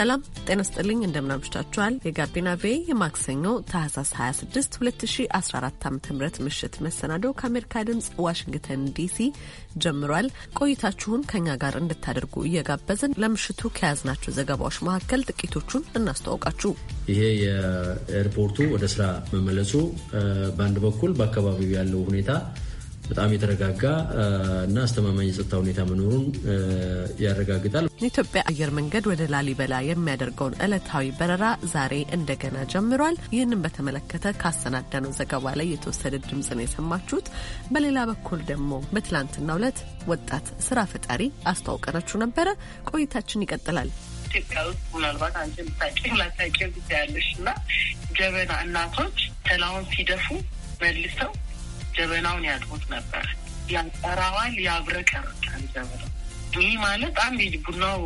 ሰላም ጤና ስጥልኝ። እንደምናምሽታችኋል። የጋቢና ቬ የማክሰኞ ታህሳስ 26 2014 ዓ ም ምሽት መሰናዶ ከአሜሪካ ድምፅ ዋሽንግተን ዲሲ ጀምሯል። ቆይታችሁን ከኛ ጋር እንድታደርጉ እየጋበዝን ለምሽቱ ከያዝናቸው ዘገባዎች መካከል ጥቂቶቹን እናስተዋውቃችሁ። ይሄ የኤርፖርቱ ወደ ስራ መመለሱ በአንድ በኩል በአካባቢው ያለው ሁኔታ በጣም የተረጋጋ እና አስተማማኝ የጸጥታ ሁኔታ መኖሩን ያረጋግጣል። የኢትዮጵያ አየር መንገድ ወደ ላሊበላ የሚያደርገውን ዕለታዊ በረራ ዛሬ እንደገና ጀምሯል። ይህንን በተመለከተ ካሰናዳነው ዘገባ ላይ የተወሰደ ድምፅ ነው የሰማችሁት። በሌላ በኩል ደግሞ በትላንትናው ዕለት ወጣት ስራ ፈጣሪ አስተዋውቀናችሁ ነበረ። ቆይታችን ይቀጥላል። ኢትዮጵያ ውስጥ ምናልባት አንቺ ልታቂ ላታቂ ያለሽ እና ጀበና እናቶች ተላውን ሲደፉ መልሰው ጀበናውን ያጥቡት ነበር። ያጠራዋል፣ ያብረቀርቃል ጀበናው። ይህ ማለት አንድ ቡናው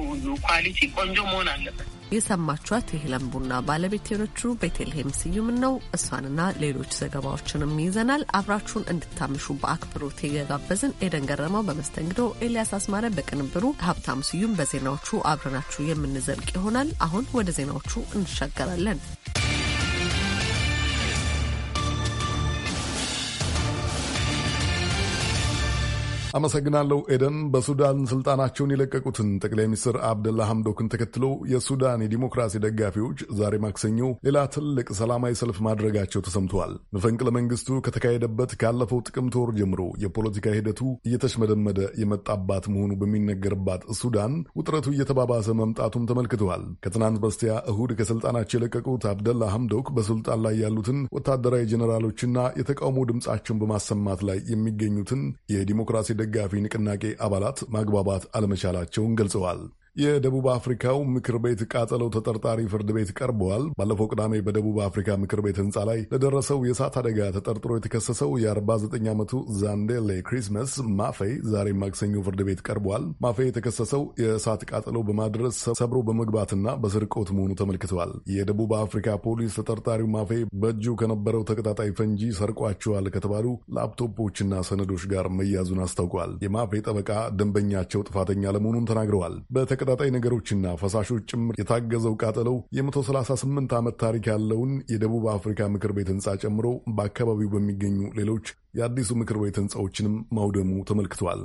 ኳሊቲ ቆንጆ መሆን አለበት። የሰማችኋት የሄለን ቡና ባለቤት የሆነችው ቤተልሔም ስዩም ነው። እሷንና ሌሎች ዘገባዎችንም ይዘናል። አብራችሁን እንድታምሹ በአክብሮት እየጋበዝን ኤደን ገረመው በመስተንግዶ፣ ኤልያስ አስማረ በቅንብሩ፣ ሀብታም ስዩም በዜናዎቹ አብረናችሁ የምንዘልቅ ይሆናል። አሁን ወደ ዜናዎቹ እንሻገራለን። አመሰግናለሁ ኤደን። በሱዳን ስልጣናቸውን የለቀቁትን ጠቅላይ ሚኒስትር አብደላ ሐምዶክን ተከትሎ የሱዳን የዲሞክራሲ ደጋፊዎች ዛሬ ማክሰኞ ሌላ ትልቅ ሰላማዊ ሰልፍ ማድረጋቸው ተሰምተዋል። መፈንቅለ መንግስቱ ከተካሄደበት ካለፈው ጥቅምት ወር ጀምሮ የፖለቲካ ሂደቱ እየተሽመደመደ የመጣባት መሆኑ በሚነገርባት ሱዳን ውጥረቱ እየተባባሰ መምጣቱም ተመልክተዋል። ከትናንት በስቲያ እሁድ ከስልጣናቸው የለቀቁት አብደላ ሐምዶክ በስልጣን ላይ ያሉትን ወታደራዊ ጀኔራሎችና የተቃውሞ ድምፃቸውን በማሰማት ላይ የሚገኙትን የዲሞክራሲ ደጋፊ ንቅናቄ አባላት ማግባባት አለመቻላቸውን ገልጸዋል። የደቡብ አፍሪካው ምክር ቤት ቃጠለው ተጠርጣሪ ፍርድ ቤት ቀርበዋል። ባለፈው ቅዳሜ በደቡብ አፍሪካ ምክር ቤት ህንፃ ላይ ለደረሰው የእሳት አደጋ ተጠርጥሮ የተከሰሰው የ49 ዓመቱ ዛንዴሌ ክሪስመስ ማፌ ዛሬ ማክሰኞ ፍርድ ቤት ቀርበዋል። ማፌ የተከሰሰው የእሳት ቃጠሎ በማድረስ ሰብሮ በመግባትና በስርቆት መሆኑ ተመልክተዋል። የደቡብ አፍሪካ ፖሊስ ተጠርጣሪው ማፌ በእጁ ከነበረው ተቀጣጣይ ፈንጂ ሰርቋቸዋል ከተባሉ ላፕቶፖችና ሰነዶች ጋር መያዙን አስታውቋል። የማፌ ጠበቃ ደንበኛቸው ጥፋተኛ ለመሆኑን ተናግረዋል። በተቀጣጣይ ነገሮችና ፈሳሾች ጭምር የታገዘው ቃጠለው የ138 ዓመት ታሪክ ያለውን የደቡብ አፍሪካ ምክር ቤት ህንፃ ጨምሮ በአካባቢው በሚገኙ ሌሎች የአዲሱ ምክር ቤት ህንፃዎችንም ማውደሙ ተመልክቷል።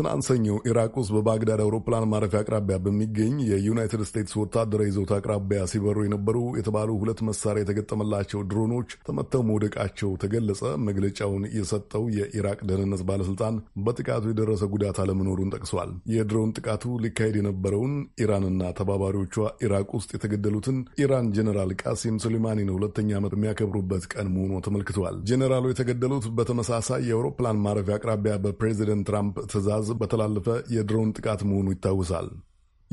ትናንት ሰኞ ኢራቅ ውስጥ በባግዳድ አውሮፕላን ማረፊያ አቅራቢያ በሚገኝ የዩናይትድ ስቴትስ ወታደራዊ ይዞታ አቅራቢያ ሲበሩ የነበሩ የተባሉ ሁለት መሳሪያ የተገጠመላቸው ድሮኖች ተመተው መውደቃቸው ተገለጸ። መግለጫውን የሰጠው የኢራቅ ደህንነት ባለስልጣን በጥቃቱ የደረሰ ጉዳት አለመኖሩን ጠቅሷል። የድሮን ጥቃቱ ሊካሄድ የነበረውን ኢራንና ተባባሪዎቿ ኢራቅ ውስጥ የተገደሉትን ኢራን ጀኔራል ቃሲም ሱሌማኒን ሁለተኛ ዓመት የሚያከብሩበት ቀን መሆኑ ተመልክተዋል። ጀኔራሉ የተገደሉት በተመሳሳይ የአውሮፕላን ማረፊያ አቅራቢያ በፕሬዚደንት ትራምፕ ትዕዛዝ በተላለፈ የድሮን ጥቃት መሆኑ ይታወሳል።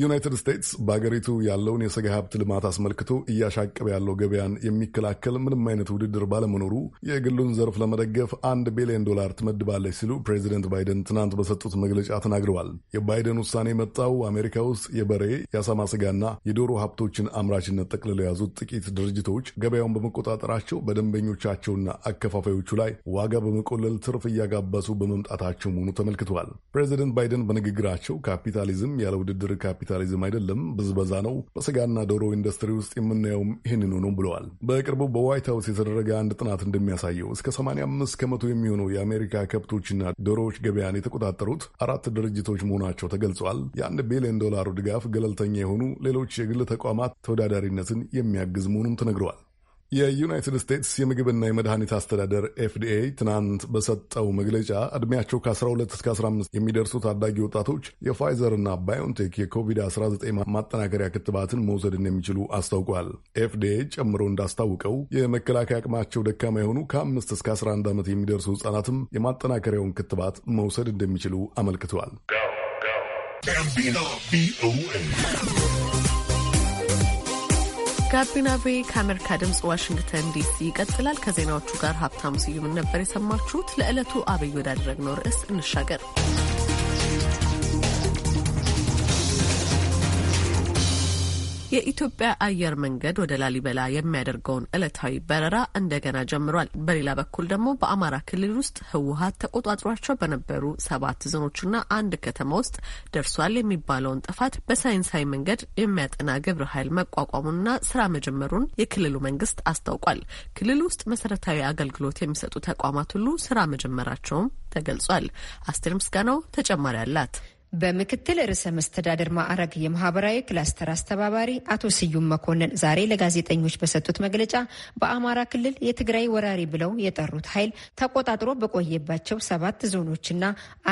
ዩናይትድ ስቴትስ በአገሪቱ ያለውን የስጋ ሀብት ልማት አስመልክቶ እያሻቀበ ያለው ገበያን የሚከላከል ምንም አይነት ውድድር ባለመኖሩ የግሉን ዘርፍ ለመደገፍ አንድ ቢሊዮን ዶላር ትመድባለች ሲሉ ፕሬዚደንት ባይደን ትናንት በሰጡት መግለጫ ተናግረዋል። የባይደን ውሳኔ የመጣው አሜሪካ ውስጥ የበሬ የአሳማ ስጋና የዶሮ ሀብቶችን አምራችነት ጠቅልለው የያዙት ጥቂት ድርጅቶች ገበያውን በመቆጣጠራቸው በደንበኞቻቸውና አከፋፋዮቹ ላይ ዋጋ በመቆለል ትርፍ እያጋበሱ በመምጣታቸው መሆኑ ተመልክተዋል። ፕሬዚደንት ባይደን በንግግራቸው ካፒታሊዝም ያለ ውድድር ካፒ ካፒታሊዝም አይደለም፣ ብዝበዛ ነው። በስጋና ዶሮ ኢንዱስትሪ ውስጥ የምናየውም ይህንኑ ነው ብለዋል። በቅርቡ በዋይት ሀውስ የተደረገ አንድ ጥናት እንደሚያሳየው እስከ 85 ከመቶ የሚሆኑ የአሜሪካ ከብቶችና ዶሮዎች ገበያን የተቆጣጠሩት አራት ድርጅቶች መሆናቸው ተገልጿል። የአንድ ቢሊዮን ዶላሩ ድጋፍ ገለልተኛ የሆኑ ሌሎች የግል ተቋማት ተወዳዳሪነትን የሚያግዝ መሆኑም ተነግረዋል። የዩናይትድ ስቴትስ የምግብና የመድኃኒት አስተዳደር ኤፍዲኤ ትናንት በሰጠው መግለጫ ዕድሜያቸው ከ12 እስከ 15 የሚደርሱ ታዳጊ ወጣቶች የፋይዘርና ባዮንቴክ የኮቪድ-19 ማጠናከሪያ ክትባትን መውሰድ እንደሚችሉ አስታውቋል። ኤፍዲኤ ጨምሮ እንዳስታውቀው የመከላከያ አቅማቸው ደካማ የሆኑ ከ5 እስከ 11 ዓመት የሚደርሱ ሕጻናትም የማጠናከሪያውን ክትባት መውሰድ እንደሚችሉ አመልክተዋል። ጋቢና ቤ ከአሜሪካ ድምፅ ዋሽንግተን ዲሲ ይቀጥላል። ከዜናዎቹ ጋር ሀብታም ስዩምን ነበር የሰማችሁት። ለዕለቱ አብይ ወዳደረግነው ርዕስ እንሻገር። የኢትዮጵያ አየር መንገድ ወደ ላሊበላ የሚያደርገውን ዕለታዊ በረራ እንደገና ጀምሯል። በሌላ በኩል ደግሞ በአማራ ክልል ውስጥ ህወሀት ተቆጣጥሯቸው በነበሩ ሰባት ዞኖችና አንድ ከተማ ውስጥ ደርሷል የሚባለውን ጥፋት በሳይንሳዊ መንገድ የሚያጠና ግብረ ኃይል መቋቋሙንና ስራ መጀመሩን የክልሉ መንግስት አስታውቋል። ክልል ውስጥ መሰረታዊ አገልግሎት የሚሰጡ ተቋማት ሁሉ ስራ መጀመራቸውም ተገልጿል። አስቴር ምስጋናው ተጨማሪ አላት። በምክትል ርዕሰ መስተዳደር ማዕረግ የማህበራዊ ክላስተር አስተባባሪ አቶ ስዩም መኮንን ዛሬ ለጋዜጠኞች በሰጡት መግለጫ በአማራ ክልል የትግራይ ወራሪ ብለው የጠሩት ኃይል ተቆጣጥሮ በቆየባቸው ሰባት ዞኖችና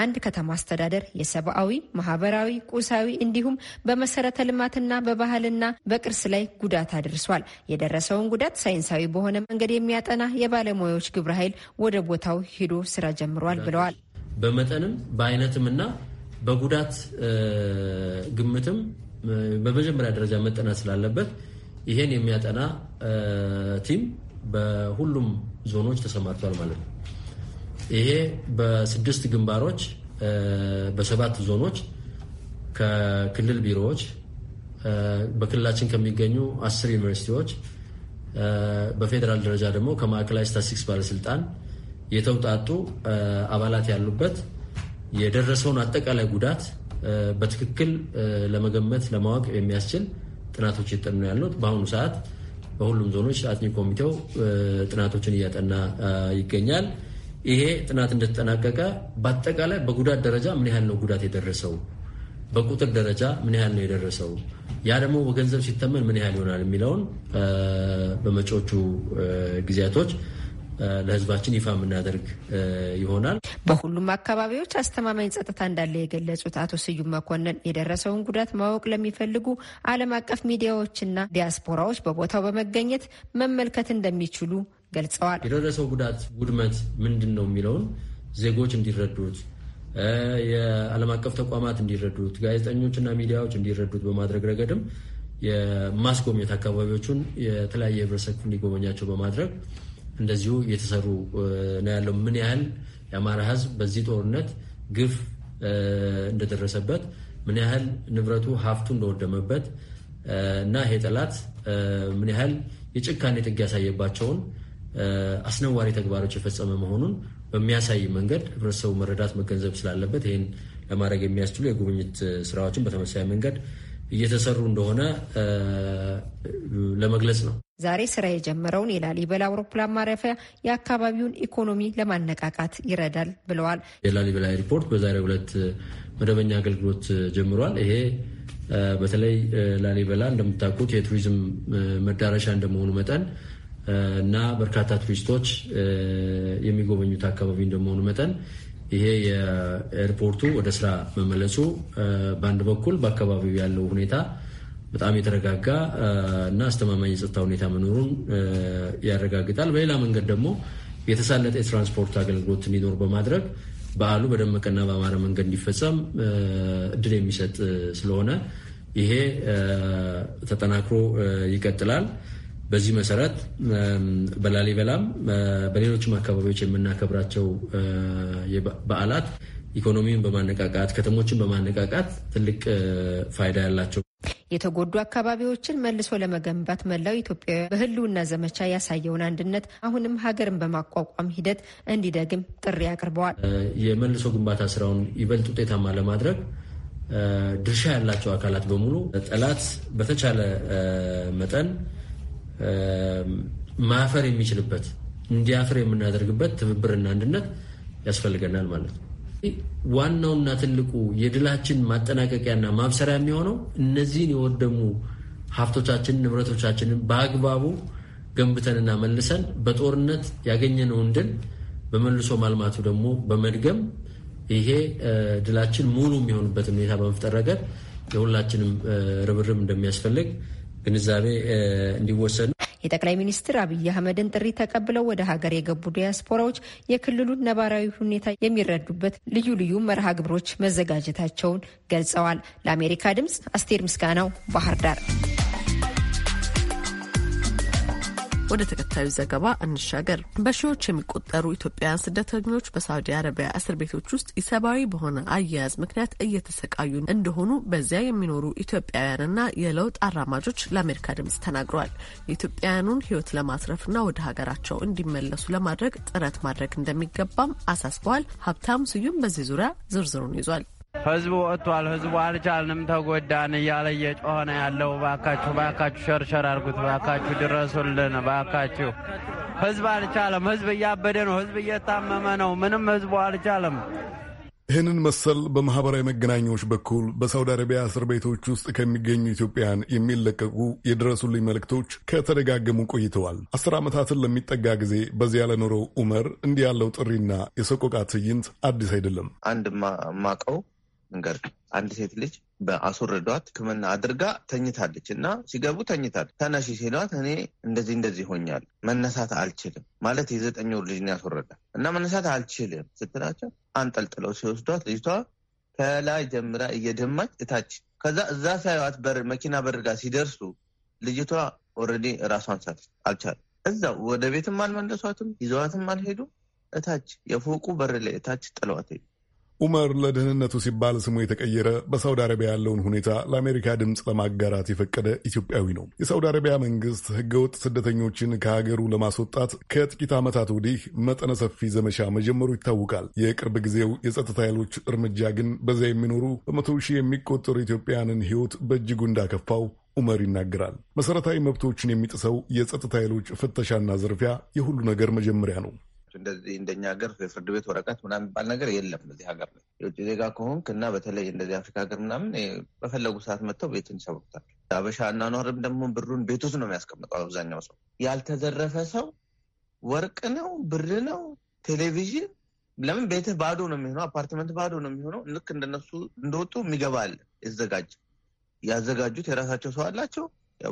አንድ ከተማ አስተዳደር የሰብአዊ፣ ማህበራዊ፣ ቁሳዊ እንዲሁም በመሰረተ ልማትና በባህልና በቅርስ ላይ ጉዳት አድርሷል። የደረሰውን ጉዳት ሳይንሳዊ በሆነ መንገድ የሚያጠና የባለሙያዎች ግብረ ኃይል ወደ ቦታው ሂዶ ስራ ጀምሯል ብለዋል። በመጠንም በአይነትም እና በጉዳት ግምትም በመጀመሪያ ደረጃ መጠናት ስላለበት ይሄን የሚያጠና ቲም በሁሉም ዞኖች ተሰማርቷል ማለት ነው። ይሄ በስድስት ግንባሮች በሰባት ዞኖች ከክልል ቢሮዎች በክልላችን ከሚገኙ አስር ዩኒቨርሲቲዎች በፌዴራል ደረጃ ደግሞ ከማዕከላዊ ስታስቲክስ ባለስልጣን የተውጣጡ አባላት ያሉበት የደረሰውን አጠቃላይ ጉዳት በትክክል ለመገመት ለማወቅ የሚያስችል ጥናቶች እየጠኑ ያሉት በአሁኑ ሰዓት በሁሉም ዞኖች አጥኚ ኮሚቴው ጥናቶችን እያጠና ይገኛል። ይሄ ጥናት እንደተጠናቀቀ በአጠቃላይ በጉዳት ደረጃ ምን ያህል ነው ጉዳት የደረሰው፣ በቁጥር ደረጃ ምን ያህል ነው የደረሰው፣ ያ ደግሞ በገንዘብ ሲተመን ምን ያህል ይሆናል የሚለውን በመጪዎቹ ጊዜያቶች ለህዝባችን ይፋ የምናደርግ ይሆናል። በሁሉም አካባቢዎች አስተማማኝ ጸጥታ እንዳለ የገለጹት አቶ ስዩም መኮንን የደረሰውን ጉዳት ማወቅ ለሚፈልጉ ዓለም አቀፍ ሚዲያዎችና ዲያስፖራዎች በቦታው በመገኘት መመልከት እንደሚችሉ ገልጸዋል። የደረሰው ጉዳት ውድመት ምንድን ነው የሚለውን ዜጎች እንዲረዱት የዓለም አቀፍ ተቋማት እንዲረዱት ጋዜጠኞችና ሚዲያዎች እንዲረዱት በማድረግ ረገድም የማስጎብኘት አካባቢዎቹን የተለያየ ህብረተሰብ እንዲጎበኛቸው በማድረግ እንደዚሁ እየተሰሩ ነው ያለው። ምን ያህል የአማራ ህዝብ በዚህ ጦርነት ግፍ እንደደረሰበት፣ ምን ያህል ንብረቱ ሀብቱ እንደወደመበት እና ይሄ ጠላት ምን ያህል የጭካኔ ጥግ ያሳየባቸውን አስነዋሪ ተግባሮች የፈጸመ መሆኑን በሚያሳይ መንገድ ህብረተሰቡ መረዳት መገንዘብ ስላለበት ይህን ለማድረግ የሚያስችሉ የጉብኝት ስራዎችን በተመሳሳይ መንገድ እየተሰሩ እንደሆነ ለመግለጽ ነው። ዛሬ ስራ የጀመረውን የላሊበላ አውሮፕላን ማረፊያ የአካባቢውን ኢኮኖሚ ለማነቃቃት ይረዳል ብለዋል። የላሊበላ ኤርፖርት በዛሬው ዕለት መደበኛ አገልግሎት ጀምሯል። ይሄ በተለይ ላሊበላ እንደምታውቁት የቱሪዝም መዳረሻ እንደመሆኑ መጠን እና በርካታ ቱሪስቶች የሚጎበኙት አካባቢ እንደመሆኑ መጠን ይሄ የኤርፖርቱ ወደ ስራ መመለሱ በአንድ በኩል በአካባቢው ያለው ሁኔታ በጣም የተረጋጋ እና አስተማማኝ የጸጥታ ሁኔታ መኖሩን ያረጋግጣል። በሌላ መንገድ ደግሞ የተሳለጠ የትራንስፖርት አገልግሎት እንዲኖር በማድረግ በዓሉ በደመቀና በአማረ መንገድ እንዲፈጸም እድል የሚሰጥ ስለሆነ ይሄ ተጠናክሮ ይቀጥላል። በዚህ መሰረት በላሊበላም በሌሎችም አካባቢዎች የምናከብራቸው በዓላት ኢኮኖሚውን በማነቃቃት ከተሞችን በማነቃቃት ትልቅ ፋይዳ ያላቸው የተጎዱ አካባቢዎችን መልሶ ለመገንባት መላው ኢትዮጵያውያን በህልውና ዘመቻ ያሳየውን አንድነት አሁንም ሀገርን በማቋቋም ሂደት እንዲደግም ጥሪ አቅርበዋል። የመልሶ ግንባታ ስራውን ይበልጥ ውጤታማ ለማድረግ ድርሻ ያላቸው አካላት በሙሉ ጠላት በተቻለ መጠን ማፈር የሚችልበት እንዲያፍር የምናደርግበት ትብብርና አንድነት ያስፈልገናል ማለት ነው። ዋናውና ትልቁ የድላችን ማጠናቀቂያና ማብሰሪያ የሚሆነው እነዚህን የወደሙ ሀብቶቻችንን፣ ንብረቶቻችንን በአግባቡ ገንብተንና መልሰን በጦርነት ያገኘነውን ድል በመልሶ ማልማቱ ደግሞ በመድገም ይሄ ድላችን ሙሉ የሚሆንበትን ሁኔታ በመፍጠር ረገድ የሁላችንም ርብርብ እንደሚያስፈልግ ግንዛቤ እንዲወሰድ የጠቅላይ ሚኒስትር አብይ አህመድን ጥሪ ተቀብለው ወደ ሀገር የገቡ ዲያስፖራዎች የክልሉን ነባራዊ ሁኔታ የሚረዱበት ልዩ ልዩ መርሃ ግብሮች መዘጋጀታቸውን ገልጸዋል። ለአሜሪካ ድምፅ አስቴር ምስጋናው ባህር ዳር ወደ ተከታዩ ዘገባ እንሻገር። በሺዎች የሚቆጠሩ ኢትዮጵያውያን ስደተኞች በሳውዲ አረቢያ እስር ቤቶች ውስጥ ኢሰብአዊ በሆነ አያያዝ ምክንያት እየተሰቃዩ እንደሆኑ በዚያ የሚኖሩ ኢትዮጵያውያንና የለውጥ አራማጆች ለአሜሪካ ድምጽ ተናግረዋል። የኢትዮጵያውያኑን ሕይወት ለማስረፍና ወደ ሀገራቸው እንዲመለሱ ለማድረግ ጥረት ማድረግ እንደሚገባም አሳስበዋል። ሀብታም ስዩም በዚህ ዙሪያ ዝርዝሩን ይዟል። ህዝቡ ወጥቷል፣ ህዝቡ አልቻልንም፣ ተጎዳን እያለ እየጮኸ ነው ያለው። ባካችሁ ባካችሁ ሸርሸር አድርጉት፣ ባካችሁ ድረሱልን፣ ባካችሁ ህዝብ አልቻለም። ህዝብ እያበደ ነው፣ ህዝብ እየታመመ ነው። ምንም ህዝቡ አልቻለም። ይህንን መሰል በማህበራዊ መገናኛዎች በኩል በሳውዲ አረቢያ እስር ቤቶች ውስጥ ከሚገኙ ኢትዮጵያን የሚለቀቁ የድረሱልኝ መልእክቶች ከተደጋገሙ ቆይተዋል። አስር ዓመታትን ለሚጠጋ ጊዜ በዚህ ያለኖረው ኡመር እንዲህ ያለው ጥሪና የሰቆቃ ትዕይንት አዲስ አይደለም። አንድ ማቀው እንገር አንድ ሴት ልጅ በአስወርዷት ሕክምና አድርጋ ተኝታለች እና ሲገቡ ተኝታል። ተነሺ ሲሏት እኔ እንደዚህ እንደዚህ ሆኛል መነሳት አልችልም ማለት የዘጠኝ ወር ልጅ ያስወረዳ እና መነሳት አልችልም ስትላቸው አንጠልጥለው ሲወስዷት ልጅቷ ከላይ ጀምራ እየደማች እታች ከዛ እዛ ሳይዋት በር መኪና በር ጋር ሲደርሱ ልጅቷ ኦልሬዲ ራሷን ሳት አልቻለም። እዛው ወደ ቤትም አልመለሷትም፣ ይዘዋትም አልሄዱ እታች የፎቁ በር ላይ እታች ጥለዋት ሄዱ። ኡመር ለደህንነቱ ሲባል ስሙ የተቀየረ በሳውዲ አረቢያ ያለውን ሁኔታ ለአሜሪካ ድምፅ ለማጋራት የፈቀደ ኢትዮጵያዊ ነው። የሳውዲ አረቢያ መንግስት ህገወጥ ስደተኞችን ከሀገሩ ለማስወጣት ከጥቂት ዓመታት ወዲህ መጠነ ሰፊ ዘመቻ መጀመሩ ይታወቃል። የቅርብ ጊዜው የጸጥታ ኃይሎች እርምጃ ግን በዚያ የሚኖሩ በመቶ ሺህ የሚቆጠሩ ኢትዮጵያውያንን ህይወት በእጅጉ እንዳከፋው ኡመር ይናገራል። መሠረታዊ መብቶችን የሚጥሰው የጸጥታ ኃይሎች ፍተሻና ዝርፊያ የሁሉ ነገር መጀመሪያ ነው። አለባቸው። እንደዚህ እንደኛ ሀገር የፍርድ ቤት ወረቀት ምናምን የሚባል ነገር የለም እዚህ ሀገር ላይ። የውጭ ዜጋ ከሆንክ እና በተለይ እንደዚህ አፍሪካ ሀገር ምናምን በፈለጉ ሰዓት መጥተው ቤትን ይሰብሩታል። አበሻ አኗኗርም ደግሞ ብሩን ቤት ውስጥ ነው የሚያስቀምጠው አብዛኛው ሰው። ያልተዘረፈ ሰው ወርቅ ነው ብር ነው ቴሌቪዥን ለምን ቤትህ ባዶ ነው የሚሆነው? አፓርትመንት ባዶ ነው የሚሆነው። ልክ እንደነሱ እንደወጡ የሚገባ አለ የተዘጋጀ ያዘጋጁት የራሳቸው ሰው አላቸው።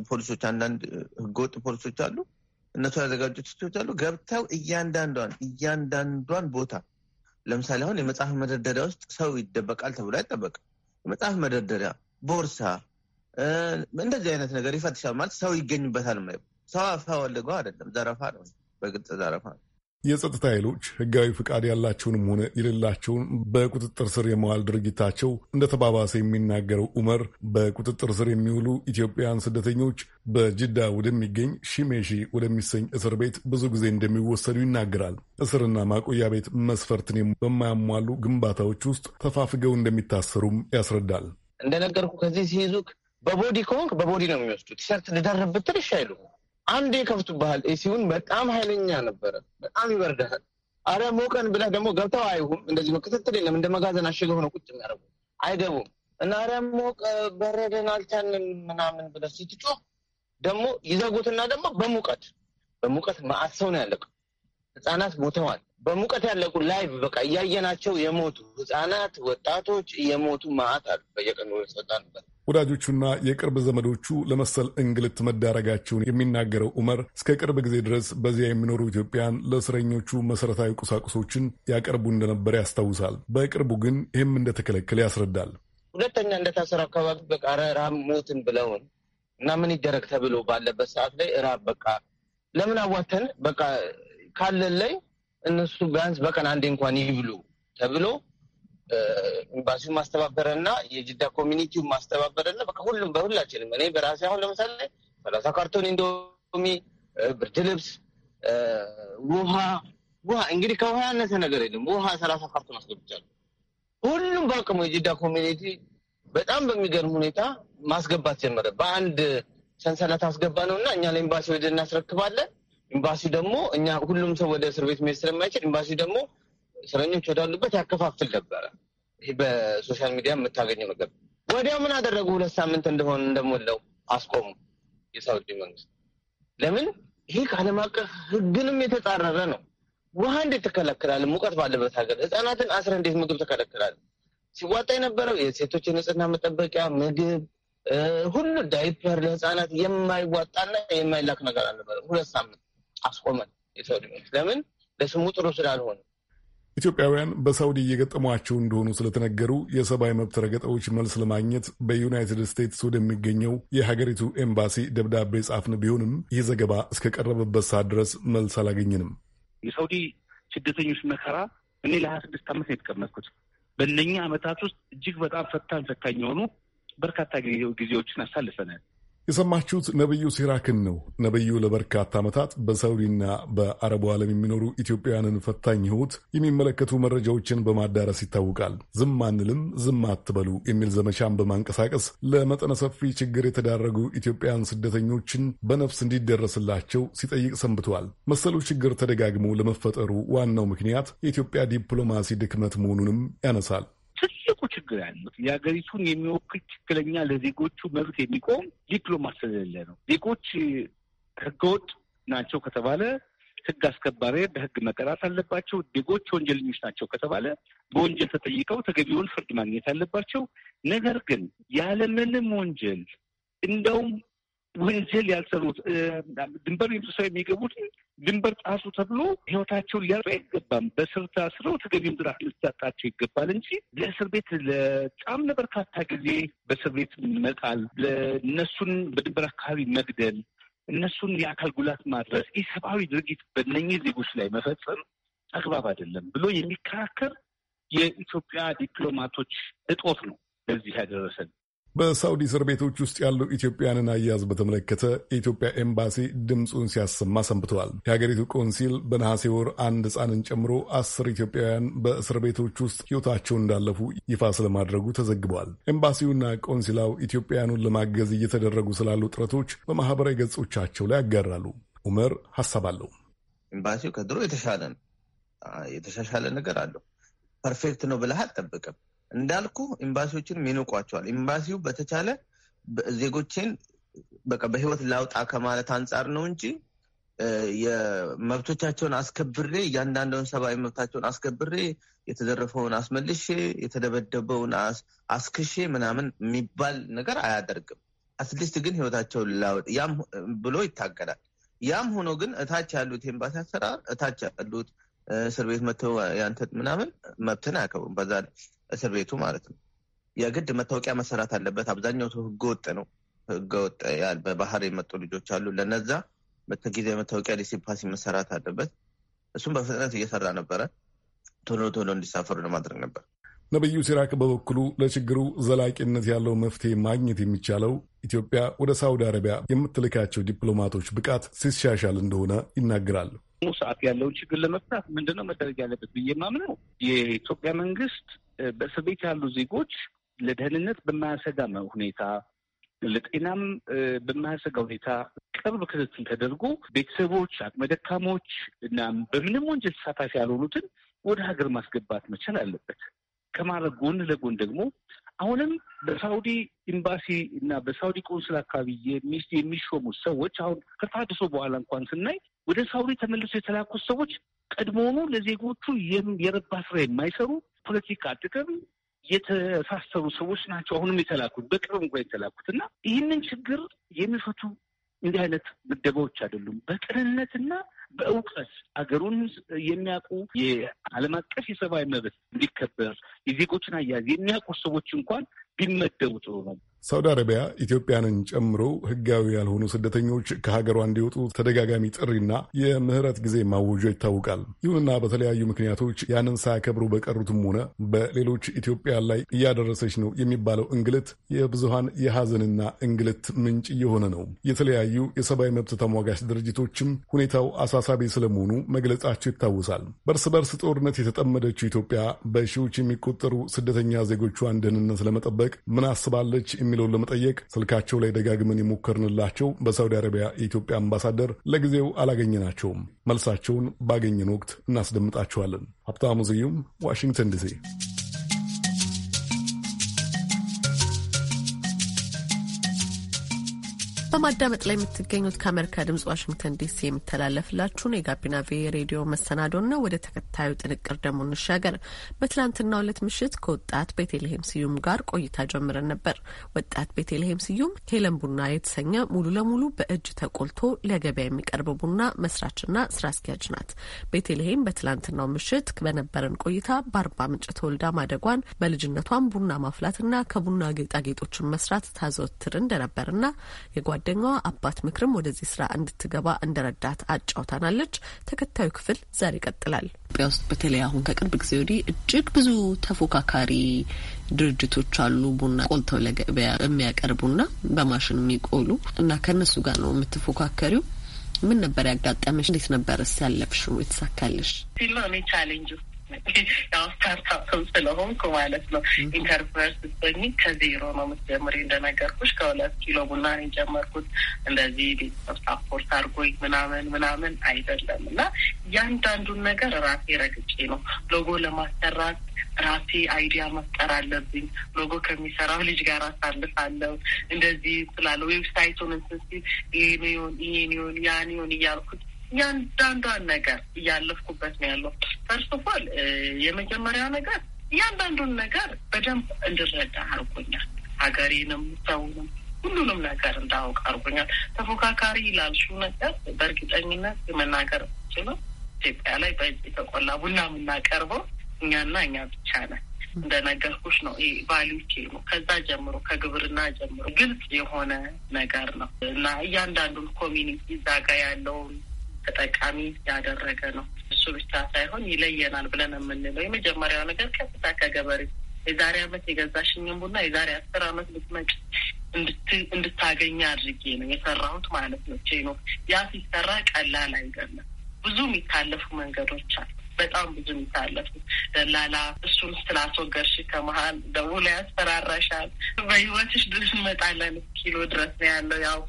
ፖሊሶች፣ አንዳንድ ህገወጥ ፖሊሶች አሉ። እነሱ ያዘጋጁት ስቶች አሉ። ገብተው እያንዳንዷን እያንዳንዷን ቦታ ለምሳሌ አሁን የመጽሐፍ መደርደሪያ ውስጥ ሰው ይደበቃል ተብሎ አይጠበቅም። የመጽሐፍ መደርደሪያ፣ ቦርሳ፣ እንደዚህ አይነት ነገር ይፈትሻል ማለት ሰው ይገኝበታል። ሰው አፋ አይደለም፣ ዘረፋ ነው። በግልጽ ዘረፋ ነው። የጸጥታ ኃይሎች ህጋዊ ፍቃድ ያላቸውንም ሆነ የሌላቸውን በቁጥጥር ስር የመዋል ድርጊታቸው እንደ ተባባሰ የሚናገረው ኡመር በቁጥጥር ስር የሚውሉ ኢትዮጵያውያን ስደተኞች በጅዳ ወደሚገኝ ሺሜሺ ወደሚሰኝ እስር ቤት ብዙ ጊዜ እንደሚወሰዱ ይናገራል። እስርና ማቆያ ቤት መስፈርትን በማያሟሉ ግንባታዎች ውስጥ ተፋፍገው እንደሚታሰሩም ያስረዳል። እንደነገርኩ ከዚህ ሲይዙ በቦዲ ከሆንክ በቦዲ ነው የሚወስዱት። ቲሸርት ልደርብ ብትል አንዴ ከፍቱብሃል። ኤሲውን በጣም ኃይለኛ ነበረ። በጣም ይበርድሃል። አረ ሞቀን ብለህ ደግሞ ገብተው አይሁም። እንደዚህ ክትትል የለም። እንደ መጋዘን አሸገ ሆነ ቁጭ የሚያደርጉ አይገቡም። እና አረ ሞቀ በረደን አልቻንም ምናምን ብለህ ስትጮህ ደግሞ ይዘጉትና ደግሞ በሙቀት በሙቀት መዓት ሰው ነው ያለቀው። ህጻናት ሞተዋል። በሙቀት ያለቁ ላይቭ በቃ እያየናቸው የሞቱ ህጻናት፣ ወጣቶች እየሞቱ መዓት አሉ። በየቀኑ ወጣንበት ወዳጆቹና የቅርብ ዘመዶቹ ለመሰል እንግልት መዳረጋቸውን የሚናገረው ዑመር እስከ ቅርብ ጊዜ ድረስ በዚያ የሚኖሩ ኢትዮጵያን ለእስረኞቹ መሠረታዊ ቁሳቁሶችን ያቀርቡ እንደነበር ያስታውሳል። በቅርቡ ግን ይህም እንደተከለከለ ያስረዳል። ሁለተኛ እንደታሰሩ አካባቢ በቃ ኧረ ራብ ሞትን ብለውን እና ምን ይደረግ ተብሎ ባለበት ሰዓት ላይ ራብ በቃ ለምን አዋተን በቃ ካለን ላይ እነሱ ቢያንስ በቀን አንዴ እንኳን ይብሉ ተብሎ ኤምባሲውን ማስተባበረና የጅዳ ኮሚኒቲው ማስተባበረና በቃ ሁሉም በሁላችንም እኔ በራሴ አሁን ለምሳሌ ሰላሳ ካርቶን እንዶሚ፣ ብርድ ልብስ፣ ውሃ ውሃ እንግዲህ ከውሃ ያነሰ ነገር የለም። ውሃ ሰላሳ ካርቶን አስገብቻለሁ። ሁሉም በአቅሙ የጅዳ ኮሚኒቲ በጣም በሚገርም ሁኔታ ማስገባት ጀመረ። በአንድ ሰንሰለት አስገባ ነው እና እኛ ለኤምባሲ ወደ እናስረክባለን። ኤምባሲው ደግሞ እኛ ሁሉም ሰው ወደ እስር ቤት መሄድ ስለማይችል ኤምባሲው ደግሞ እስረኞች ወዳሉበት ያከፋፍል ነበረ። ይህ በሶሻል ሚዲያ የምታገኘው ነገር ወዲያው ምን አደረጉ? ሁለት ሳምንት እንደሆነ እንደሞላው አስቆሙ። የሳውዲ መንግስት ለምን? ይህ ከዓለም አቀፍ ህግንም የተጻረረ ነው። ውሃ እንዴት ትከለክላል? ሙቀት ባለበት ሀገር ህጻናትን አስረ እንዴት ምግብ ትከለክላል? ሲዋጣ የነበረው የሴቶች የንጽህና መጠበቂያ ምግብ፣ ሁሉ ዳይፐር ለህፃናት የማይዋጣና የማይላክ ነገር አልነበረ። ሁለት ሳምንት አስቆመን የሳውዲ መንግስት ለምን? ለስሙ ጥሩ ስላልሆነ ኢትዮጵያውያን በሳውዲ እየገጠሟቸው እንደሆኑ ስለተነገሩ የሰብአዊ መብት ረገጣዎች መልስ ለማግኘት በዩናይትድ ስቴትስ ወደሚገኘው የሀገሪቱ ኤምባሲ ደብዳቤ ጻፍን። ቢሆንም ይህ ዘገባ እስከቀረበበት ሰዓት ድረስ መልስ አላገኝንም። የሳውዲ ስደተኞች መከራ እኔ ለሀያ ስድስት ዓመት ነው የተቀመጥኩት። በእነኛ ዓመታት ውስጥ እጅግ በጣም ፈታኝ ፈታኝ የሆኑ በርካታ ጊዜዎችን አሳልፈናል። የሰማችሁት ነቢዩ ሲራክን ነው። ነቢዩ ለበርካታ ዓመታት በሳውዲና በአረቡ ዓለም የሚኖሩ ኢትዮጵያውያንን ፈታኝ ሕይወት የሚመለከቱ መረጃዎችን በማዳረስ ይታወቃል። ዝም አንልም፣ ዝም አትበሉ የሚል ዘመቻን በማንቀሳቀስ ለመጠነ ሰፊ ችግር የተዳረጉ ኢትዮጵያውያን ስደተኞችን በነፍስ እንዲደረስላቸው ሲጠይቅ ሰንብተዋል። መሰሉ ችግር ተደጋግሞ ለመፈጠሩ ዋናው ምክንያት የኢትዮጵያ ዲፕሎማሲ ድክመት መሆኑንም ያነሳል። ችግር ያሉት የሀገሪቱን የሚወክል ትክክለኛ ለዜጎቹ መብት የሚቆም ዲፕሎማት ስለሌለ ነው። ዜጎች ህገወጥ ናቸው ከተባለ ህግ አስከባሪ በህግ መቀጣት አለባቸው። ዜጎች ወንጀለኞች ናቸው ከተባለ በወንጀል ተጠይቀው ተገቢውን ፍርድ ማግኘት አለባቸው። ነገር ግን ያለምንም ወንጀል እንደውም ወንጀል ያልሰሩት ድንበር ጥሰው የሚገቡት ድንበር ጣሱ ተብሎ ህይወታቸውን ሊያጡ አይገባም። በስር ታስረው ተገቢውን ድራት ልሰጣቸው ይገባል እንጂ ለእስር ቤት ለጣም ለበርካታ ጊዜ በእስር ቤት መጣል፣ ለእነሱን በድንበር አካባቢ መግደል፣ እነሱን የአካል ጉላት ማድረስ፣ ሰብአዊ ድርጊት በእነኚህ ዜጎች ላይ መፈጸም አግባብ አይደለም ብሎ የሚከራከር የኢትዮጵያ ዲፕሎማቶች እጦት ነው በዚህ ያደረሰን። በሳውዲ እስር ቤቶች ውስጥ ያሉ ኢትዮጵያውያንን አያያዝ በተመለከተ የኢትዮጵያ ኤምባሲ ድምፁን ሲያሰማ ሰንብተዋል። የሀገሪቱ ቆንሲል በነሐሴ ወር አንድ ህፃንን ጨምሮ አስር ኢትዮጵያውያን በእስር ቤቶች ውስጥ ሕይወታቸውን እንዳለፉ ይፋ ስለማድረጉ ተዘግበዋል። ኤምባሲውና ቆንሲላው ኢትዮጵያውያኑን ለማገዝ እየተደረጉ ስላሉ ጥረቶች በማህበራዊ ገጾቻቸው ላይ ያጋራሉ። ኡመር ሀሳብ አለው። ኤምባሲው ከድሮ የተሻለ ነው። የተሻሻለ ነገር አለው። ፐርፌክት ነው ብለህ አልጠብቅም። እንዳልኩ ኤምባሲዎችን ይንቋቸዋል። ኤምባሲው በተቻለ ዜጎችን በቃ በህይወት ላውጣ ከማለት አንጻር ነው እንጂ የመብቶቻቸውን አስከብሬ እያንዳንደውን ሰብአዊ መብታቸውን አስከብሬ የተዘረፈውን አስመልሼ የተደበደበውን አስክሼ ምናምን የሚባል ነገር አያደርግም። አትሊስት ግን ህይወታቸውን ላውጥ ያም ብሎ ይታገላል። ያም ሆኖ ግን እታች ያሉት ኤምባሲ አሰራር እታች ያሉት እስር ቤት መተው ያንተ ምናምን መብትን አያከብሩም። በዛ እስር ቤቱ ማለት ነው። የግድ መታወቂያ መሰራት አለበት። አብዛኛው ሰው ህገወጥ ነው። ህገወጥ ያል በባህር የመጡ ልጆች አሉ። ለነዛ ጊዜ መታወቂያ ዲሲፓሲ መሰራት አለበት። እሱም በፍጥነት እየሰራ ነበረ። ቶሎ ቶሎ እንዲሳፈሩ ለማድረግ ነበር። ነቢዩ ሲራክ በበኩሉ ለችግሩ ዘላቂነት ያለው መፍትሄ ማግኘት የሚቻለው ኢትዮጵያ ወደ ሳውዲ አረቢያ የምትልካቸው ዲፕሎማቶች ብቃት ሲሻሻል እንደሆነ ይናገራሉ። ሰዓት ያለውን ችግር ለመፍታት ምንድነው መደረግ ያለበት ብዬ ማምነው የኢትዮጵያ መንግስት በእስር ቤት ያሉ ዜጎች ለደህንነት በማያሰጋ ሁኔታ ለጤናም በማያሰጋ ሁኔታ ቅርብ ክትትል ተደርጎ ቤተሰቦች፣ አቅመ ደካሞች እና በምንም ወንጀል ተሳታፊ ያልሆኑትን ወደ ሀገር ማስገባት መቻል አለበት። ከማድረግ ጎን ለጎን ደግሞ አሁንም በሳውዲ ኤምባሲ እና በሳውዲ ቆንስል አካባቢ የሚሾሙት ሰዎች አሁን ከታድሶ በኋላ እንኳን ስናይ ወደ ሳውዲ ተመልሶ የተላኩት ሰዎች ቀድሞውኑ ለዜጎቹ የረባ ስራ የማይሰሩ ፖለቲካ ጥቅም የተሳሰሩ ሰዎች ናቸው። አሁንም የተላኩት በቅርብ እንኳ የተላኩት እና ይህንን ችግር የሚፈቱ እንዲህ አይነት ምደባዎች አይደሉም። በቅንነትና በእውቀት አገሩን የሚያውቁ የዓለም አቀፍ የሰብአዊ መብት እንዲከበር የዜጎችን አያያዝ የሚያውቁ ሰዎች እንኳን ቢመደቡ ጥሩ ነው። ሳውዲ አረቢያ ኢትዮጵያንን ጨምሮ ህጋዊ ያልሆኑ ስደተኞች ከሀገሯ እንዲወጡ ተደጋጋሚ ጥሪና የምህረት ጊዜ ማወጇ ይታወቃል። ይሁንና በተለያዩ ምክንያቶች ያንን ሳያከብሩ በቀሩትም ሆነ በሌሎች ኢትዮጵያ ላይ እያደረሰች ነው የሚባለው እንግልት የብዙሃን የሀዘንና እንግልት ምንጭ እየሆነ ነው። የተለያዩ የሰብአዊ መብት ተሟጋች ድርጅቶችም ሁኔታው አሳሳቢ ስለመሆኑ መግለጻቸው ይታወሳል። በእርስ በርስ ጦርነት የተጠመደችው ኢትዮጵያ በሺዎች የሚቆጠሩ ስደተኛ ዜጎቿን ደህንነት ለመጠበቅ ምን አስባለች? የሚለውን ለመጠየቅ ስልካቸው ላይ ደጋግመን የሞከርንላቸው በሳውዲ አረቢያ የኢትዮጵያ አምባሳደር ለጊዜው አላገኘናቸውም። መልሳቸውን ባገኘን ወቅት እናስደምጣችኋለን። ሀብታሙ ስዩም ዋሽንግተን ዲሲ በማዳመጥ ላይ የምትገኙት ከአሜሪካ ድምጽ ዋሽንግተን ዲሲ የሚተላለፍላችሁን የጋቢና ቪ ሬዲዮ መሰናዶ ነው። ወደ ተከታዩ ጥንቅር ደግሞ እንሻገር። በትላንትና ሁለት ምሽት ከወጣት ቤቴልሄም ስዩም ጋር ቆይታ ጀምረን ነበር። ወጣት ቤቴልሄም ስዩም ሄለን ቡና የተሰኘ ሙሉ ለሙሉ በእጅ ተቆልቶ ለገበያ የሚቀርብ ቡና መስራችና ስራ አስኪያጅ ናት። ቤቴልሄም በትላንትናው ምሽት በነበረን ቆይታ በአርባ ምንጭ ተወልዳ ማደጓን በልጅነቷን ቡና ማፍላትና ከቡና ጌጣጌጦችን መስራት ታዘወትር እንደነበርና የጓ ጓደኛዋ አባት ምክርም ወደዚህ ስራ እንድትገባ እንደረዳት አጫውታናለች። ተከታዩ ክፍል ዛሬ ይቀጥላል። ኢትዮጵያ ውስጥ በተለይ አሁን ከቅርብ ጊዜ ወዲህ እጅግ ብዙ ተፎካካሪ ድርጅቶች አሉ። ቡና ቆልተው ለገበያ የሚያቀርቡና በማሽን የሚቆሉ እና ከእነሱ ጋር ነው የምትፎካከሪው። ምን ነበር ያጋጠመሽ? እንዴት ስ ያለፍሽው? የተሳካልሽ? ፊልም ቻሌንጅ ያው ስታርታፕም ስለሆንኩ ማለት ነው። ኢንተርፕረስ ከዜሮ ነው የምትጀምሪ። እንደነገርኩሽ ከሁለት ኪሎ ቡና ነው የጀመርኩት። እንደዚህ ቤተሰብ ሳፖርት አድርጎኝ ምናምን ምናምን አይደለም እና እያንዳንዱን ነገር ራሴ ረግጬ ነው ሎጎ ለማሰራት ራሴ አይዲያ መፍጠር አለብኝ። ሎጎ ከሚሰራው ልጅ ጋር አሳልፋለሁ። እንደዚህ ስላለ ዌብሳይቱን እንትን ሲል ይሄን ይሁን ይሄን ይሁን ያን ይሁን እያልኩት እያንዳንዷን ነገር እያለፍኩበት ነው ያለው። ፈርስት ኦፍ ኦል የመጀመሪያ ነገር እያንዳንዱን ነገር በደንብ እንድረዳ አድርጎኛል። ሀገሬንም፣ ሰውንም፣ ሁሉንም ነገር እንዳውቅ አድርጎኛል። ተፎካካሪ ላልሽው ነገር በእርግጠኝነት መናገር ችለው ኢትዮጵያ ላይ በእጅ የተቆላ ቡና የምናቀርበው እኛና እኛ ብቻ ነን። እንደነገርኩሽ ነው። ይሄ ቫሊዩ ነው። ከዛ ጀምሮ ከግብርና ጀምሮ ግልጽ የሆነ ነገር ነው እና እያንዳንዱን ኮሚኒቲ እዛ ጋ ያለውን ተጠቃሚ ያደረገ ነው። እሱ ብቻ ሳይሆን ይለየናል ብለን የምንለው የመጀመሪያው ነገር ቀጥታ ከገበሬ የዛሬ አመት የገዛሽኝን ቡና የዛሬ አስር አመት ብትመጭ እንድታገኝ አድርጌ ነው የሰራሁት ማለት ነው። ቼ ነው ያ ሲሰራ ቀላል አይደለም። ብዙ የሚታለፉ መንገዶች አሉ። በጣም ብዙ የሚታለፉ ደላላ፣ እሱን ስላስወገርሽ ከመሀል ደውሎ ያስፈራራሻል። በህይወትሽ ድረስ እንመጣለን ኪሎ ድረስ ነው ያለው ያው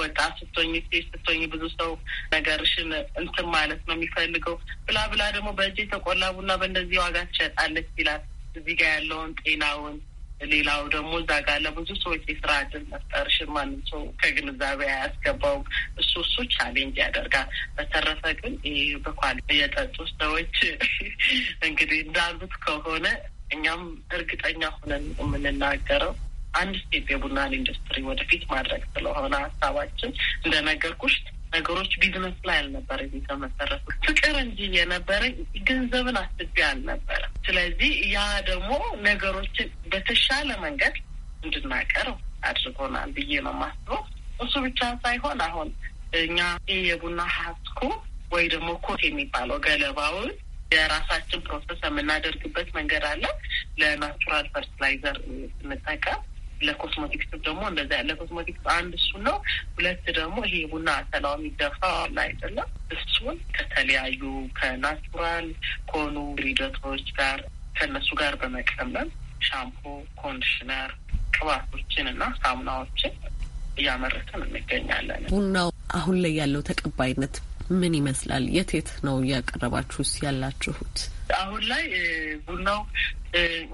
ወጣት ስትሆኝ ሴት ስትሆኝ ብዙ ሰው ነገርሽን እንትን ማለት ነው የሚፈልገው ብላ ብላ ደግሞ በእጅ የተቆላ ቡና በእንደዚህ ዋጋ ትሸጣለች ይላል። እዚህ ጋር ያለውን ጤናውን ሌላው ደግሞ እዛ ጋር ለብዙ ሰዎች የስራ እድል መፍጠርሽን ማንም ሰው ከግንዛቤ አያስገባውም። እሱ እሱ ቻሌንጅ ያደርጋል። በተረፈ ግን በኳል የጠጡ ሰዎች እንግዲህ እንዳሉት ከሆነ እኛም እርግጠኛ ሆነን የምንናገረው አንድ ስቴፕ የቡናን ኢንዱስትሪ ወደፊት ማድረግ ስለሆነ ሀሳባችን እንደነገርኩሽ ነገሮች ቢዝነስ ላይ አልነበረ የተመሰረቱ ፍቅር እንጂ የነበረ ገንዘብን አስቤ አልነበረ። ስለዚህ ያ ደግሞ ነገሮችን በተሻለ መንገድ እንድናቀርብ አድርጎናል ብዬ ነው የማስበው። እሱ ብቻ ሳይሆን አሁን እኛ የቡና ሀስኩ ወይ ደግሞ ኮት የሚባለው ገለባውን የራሳችን ፕሮሰስ የምናደርግበት መንገድ አለ። ለናቹራል ፈርትላይዘር ስንጠቀም ለኮስሞቲክስ ደግሞ እንደዚ ለኮስሞቲክስ አንድ እሱ ነው። ሁለት ደግሞ ይሄ ቡና አተላው የሚደፋ አለ አይደለም። እሱን ከተለያዩ ከናቹራል ከሆኑ ሂደቶች ጋር ከነሱ ጋር በመቀመም ሻምፖ፣ ኮንዲሽነር፣ ቅባቶችን እና ሳሙናዎችን እያመረትን እንገኛለን። ቡናው አሁን ላይ ያለው ተቀባይነት ምን ይመስላል? የት የት ነው እያቀረባችሁስ ያላችሁት? አሁን ላይ ቡናው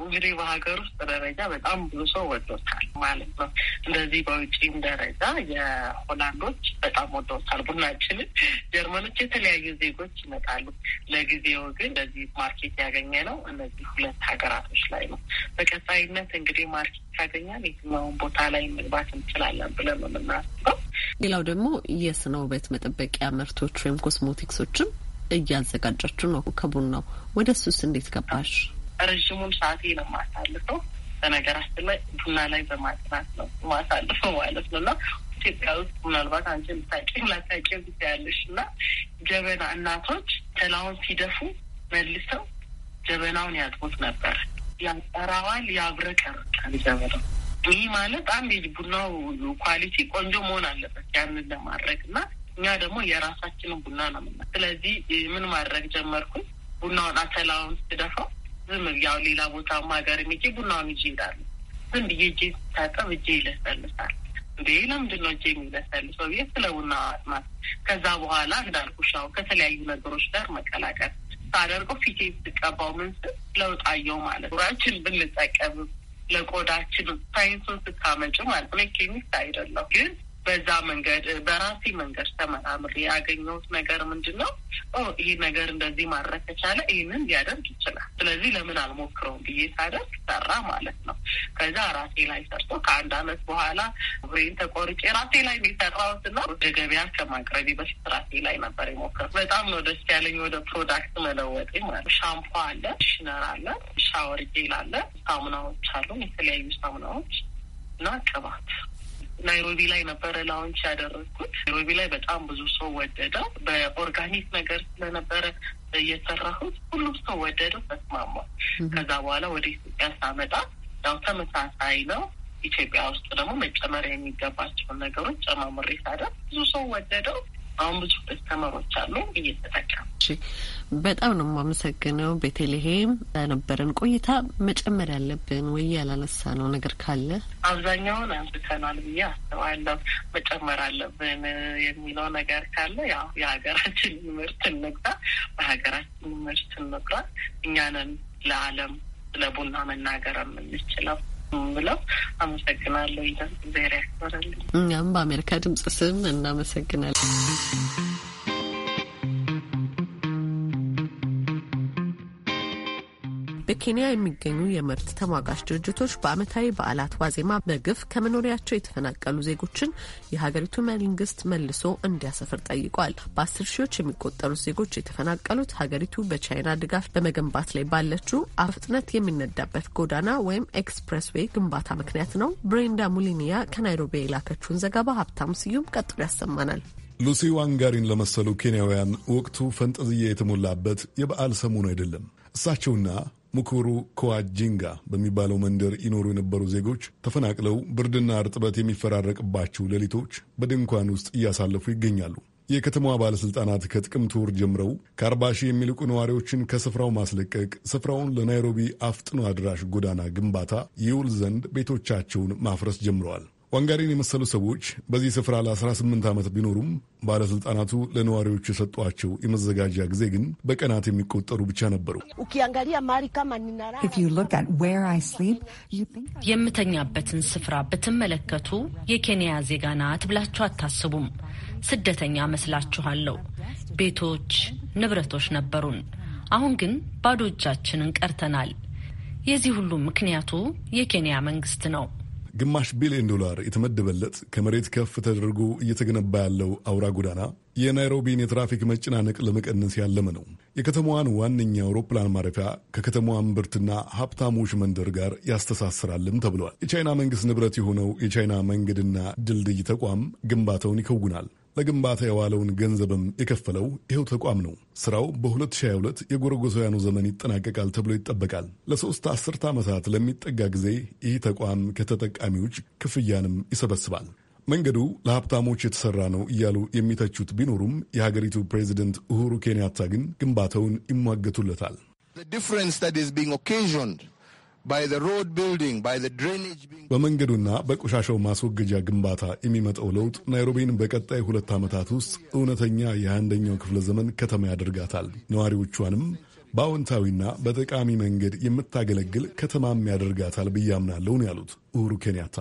እንግዲህ በሀገር ውስጥ ደረጃ በጣም ብዙ ሰው ወዶታል ማለት ነው። እንደዚህ በውጪም ደረጃ የሆላንዶች በጣም ወዶታል ቡናችንን። ጀርመኖች፣ የተለያዩ ዜጎች ይመጣሉ። ለጊዜው ግን እንደዚህ ማርኬት ያገኘ ነው እነዚህ ሁለት ሀገራቶች ላይ ነው። በቀጣይነት እንግዲህ ማርኬት ያገኛል የትኛውን ቦታ ላይ መግባት እንችላለን ብለን ነው የምናስበው። ሌላው ደግሞ የስነ ውበት መጠበቂያ ምርቶች ወይም ኮስሞቲክሶችም እያዘጋጃችሁ ነው ከቡናው ወደ ሱስ እንዴት ገባሽ? ረዥሙን ሰዓቴ ነው ማሳልፈው በነገራችን ላይ ቡና ላይ በማጥናት ነው ማሳልፈው ማለት ነው እና ኢትዮጵያ ውስጥ ምናልባት አንቺ ልታውቂው ላታቂ ጊዜ ያለሽ እና ጀበና እናቶች ተላውን ሲደፉ መልሰው ጀበናውን ያጥቡት ነበር። ያጠራዋል፣ ያብረቀርቃል ጀበናው ይህ ማለት አንድ ቡናው ኳሊቲ ቆንጆ መሆን አለበት ያንን ለማድረግ እና እኛ ደግሞ የራሳችንን ቡና ነው ምና ስለዚህ ምን ማድረግ ጀመርኩኝ ቡናውን አተላውን ስደፋው ዝም ያው ሌላ ቦታ ሀገር ሄጄ ቡናውን እጅ ይላሉ ዝም ብዬ እጄ ስታጠብ እጄ ይለሰልሳል። እንዴ ለምንድን ነው እጄ የሚለሰልሰው ብዬ ስለ ቡና ማጥናት ከዛ በኋላ እንዳልኩሽ አሁን ከተለያዩ ነገሮች ጋር መቀላቀል ሳደርገው ፊቴ ስቀባው ምን ስል ለውጥ ማለት ራችን ብንጠቀምም ለቆዳችን ሳይንሱን ስታመጭ ማለት ነው። ኬሚስት አይደለም ግን በዛ መንገድ በራሴ መንገድ ተመራምሬ ያገኘሁት ነገር ምንድን ነው? ይህ ነገር እንደዚህ ማድረግ ከቻለ ይህንን ሊያደርግ ይችላል። ስለዚህ ለምን አልሞክረውም ብዬ ሳደርግ ሰራ ማለት ነው። ከዛ ራሴ ላይ ሰርቶ ከአንድ አመት በኋላ ብሬን ተቆርጬ ራሴ ላይ የሚሰራውት ና ወደ ገበያ ከማቅረቢ በፊት ራሴ ላይ ነበር የሞከርኩት። በጣም ነው ደስ ያለኝ ወደ ፕሮዳክት መለወጤ ማለት ሻምፖ አለ፣ ሽነር አለ፣ ሻወር ጄል አለ፣ ሳሙናዎች አሉ፣ የተለያዩ ሳሙናዎች እና ቅባት ናይሮቢ ላይ ነበረ ላውንች ያደረግኩት። ናይሮቢ ላይ በጣም ብዙ ሰው ወደደው። በኦርጋኒክ ነገር ስለነበረ እየሰራሁት ሁሉም ሰው ወደደው፣ ተስማማ። ከዛ በኋላ ወደ ኢትዮጵያ ሳመጣ ያው ተመሳሳይ ነው። ኢትዮጵያ ውስጥ ደግሞ መጨመሪያ የሚገባቸውን ነገሮች ጨማምሬ ሳደር ብዙ ሰው ወደደው። አሁን ብዙ ከስተመሮች አሉ እየተጠቀሙ። በጣም ነው የማመሰግነው ቤተልሔም ለነበረን ቆይታ። መጨመር ያለብን ወይ ያላነሳ ነው ነገር ካለ? አብዛኛውን አንስተናል ብዬ አስባለሁ። መጨመር አለብን የሚለው ነገር ካለ ያው የሀገራችን ምርት እንግዛ፣ በሀገራችን ምርት እንግራ። እኛንን ለዓለም ስለ ቡና መናገር የምንችለው ብለው አመሰግናለሁ ይላል። እግዚአብሔር ያክብርልኝ። እኛም በአሜሪካ ድምጽ ስም እናመሰግናለን። በኬንያ የሚገኙ የመብት ተሟጋች ድርጅቶች በዓመታዊ በዓላት ዋዜማ በግፍ ከመኖሪያቸው የተፈናቀሉ ዜጎችን የሀገሪቱ መንግስት መልሶ እንዲያሰፍር ጠይቋል። በአስር ሺዎች የሚቆጠሩት ዜጎች የተፈናቀሉት ሀገሪቱ በቻይና ድጋፍ በመገንባት ላይ ባለችው አፍጥነት የሚነዳበት ጎዳና ወይም ኤክስፕሬስ ዌይ ግንባታ ምክንያት ነው። ብሬንዳ ሙሊኒያ ከናይሮቢ የላከችውን ዘገባ ሀብታም ስዩም ቀጥሎ ያሰማናል። ሉሲ ዋንጋሪን ለመሰሉ ኬንያውያን ወቅቱ ፈንጠዝያ የተሞላበት የበዓል ሰሞኑ አይደለም። እሳቸውና ሙኩሩ ኮዋጂንጋ በሚባለው መንደር ይኖሩ የነበሩ ዜጎች ተፈናቅለው ብርድና እርጥበት የሚፈራረቅባቸው ሌሊቶች በድንኳን ውስጥ እያሳለፉ ይገኛሉ። የከተማዋ ባለሥልጣናት ከጥቅምት ወር ጀምረው ከአርባ ሺህ የሚልቁ ነዋሪዎችን ከስፍራው ማስለቀቅ፣ ስፍራውን ለናይሮቢ አፍጥኖ አድራሽ ጎዳና ግንባታ ይውል ዘንድ ቤቶቻቸውን ማፍረስ ጀምረዋል። ዋንጋሪን የመሰሉ ሰዎች በዚህ ስፍራ ለ18 ዓመት ቢኖሩም ባለሥልጣናቱ ለነዋሪዎቹ የሰጧቸው የመዘጋጃ ጊዜ ግን በቀናት የሚቆጠሩ ብቻ ነበሩ። የምተኛበትን ስፍራ ብትመለከቱ የኬንያ ዜጋ ናት ብላችሁ አታስቡም። ስደተኛ መስላችኋለሁ። ቤቶች፣ ንብረቶች ነበሩን። አሁን ግን ባዶ እጃችንን ቀርተናል። የዚህ ሁሉም ምክንያቱ የኬንያ መንግስት ነው። ግማሽ ቢሊዮን ዶላር የተመደበለት ከመሬት ከፍ ተደርጎ እየተገነባ ያለው አውራ ጎዳና የናይሮቢን የትራፊክ መጨናነቅ ለመቀነስ ያለመ ነው። የከተማዋን ዋነኛ አውሮፕላን ማረፊያ ከከተማዋ እምብርትና ሀብታሞች መንደር ጋር ያስተሳስራልም ተብሏል። የቻይና መንግስት ንብረት የሆነው የቻይና መንገድና ድልድይ ተቋም ግንባታውን ይከውናል። ለግንባታ የዋለውን ገንዘብም የከፈለው ይኸው ተቋም ነው። ስራው በ2022 የጎረጎሳውያኑ ዘመን ይጠናቀቃል ተብሎ ይጠበቃል። ለሶስት አስርተ ዓመታት ለሚጠጋ ጊዜ ይህ ተቋም ከተጠቃሚዎች ክፍያንም ይሰበስባል። መንገዱ ለሀብታሞች የተሰራ ነው እያሉ የሚተቹት ቢኖሩም የሀገሪቱ ፕሬዚደንት ኡሁሩ ኬንያታ ግን ግንባታውን ይሟገቱለታል። በመንገዱና በቆሻሻው ማስወገጃ ግንባታ የሚመጣው ለውጥ ናይሮቢን በቀጣይ ሁለት ዓመታት ውስጥ እውነተኛ የአንደኛው ክፍለ ዘመን ከተማ ያደርጋታል። ነዋሪዎቿንም በአዎንታዊና በጠቃሚ መንገድ የምታገለግል ከተማም ያደርጋታል ብዬ አምናለሁ ነው ያሉት ኡሁሩ ኬንያታ።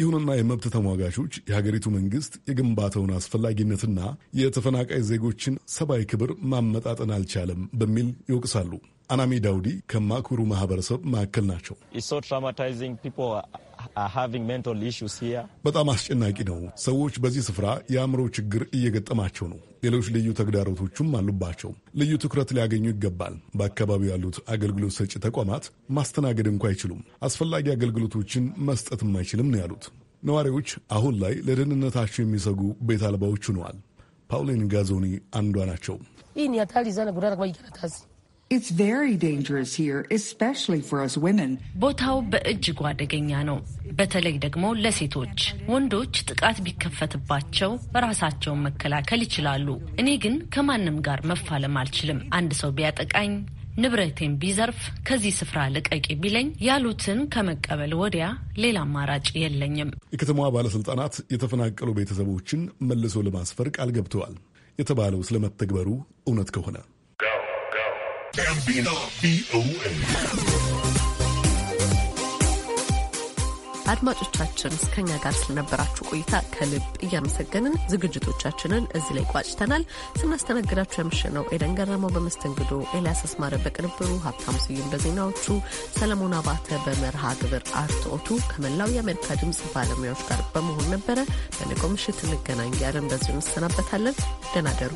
ይሁንና የመብት ተሟጋቾች የሀገሪቱ መንግስት የግንባታውን አስፈላጊነትና የተፈናቃይ ዜጎችን ሰብአዊ ክብር ማመጣጠን አልቻለም በሚል ይወቅሳሉ። አናሚ ዳውዲ ከማኩሩ ማህበረሰብ መካከል ናቸው። በጣም አስጨናቂ ነው። ሰዎች በዚህ ስፍራ የአእምሮ ችግር እየገጠማቸው ነው። ሌሎች ልዩ ተግዳሮቶችም አሉባቸው። ልዩ ትኩረት ሊያገኙ ይገባል። በአካባቢው ያሉት አገልግሎት ሰጪ ተቋማት ማስተናገድ እንኳ አይችሉም። አስፈላጊ አገልግሎቶችን መስጠትም አይችልም ነው ያሉት ነዋሪዎች። አሁን ላይ ለደህንነታቸው የሚሰጉ ቤት አልባዎች ሆነዋል። ፓውሊን ጋዞኒ አንዷ ናቸው። ይህ ቦታው በእጅጉ አደገኛ ነው፣ በተለይ ደግሞ ለሴቶች። ወንዶች ጥቃት ቢከፈትባቸው ራሳቸውን መከላከል ይችላሉ። እኔ ግን ከማንም ጋር መፋለም አልችልም። አንድ ሰው ቢያጠቃኝ ንብረቴን ቢዘርፍ ከዚህ ስፍራ ልቀቂ ቢለኝ ያሉትን ከመቀበል ወዲያ ሌላ አማራጭ የለኝም። የከተማዋ ባለስልጣናት የተፈናቀሉ ቤተሰቦችን መልሶ ለማስፈር ቃል ገብተዋል የተባለው ስለመተግበሩ እውነት ከሆነ ጋቢና ቪኦኤ አድማጮቻችን ከኛ ጋር ስለነበራችሁ ቆይታ ከልብ እያመሰገንን ዝግጅቶቻችንን እዚህ ላይ ቋጭተናል። ስናስተናግዳችሁ ያመሸነው ኤደን ገረመው በመስተንግዶ፣ ኤልያስ አስማረ በቅንብሩ፣ ሀብታሙ ስዩም በዜናዎቹ፣ ሰለሞን አባተ በመርሃ ግብር አርትኦቱ ከመላው የአሜሪካ ድምፅ ባለሙያዎች ጋር በመሆን ነበረ። በነገው ምሽት እንገናኝ ያለን በዚሁ እንሰናበታለን። ደህና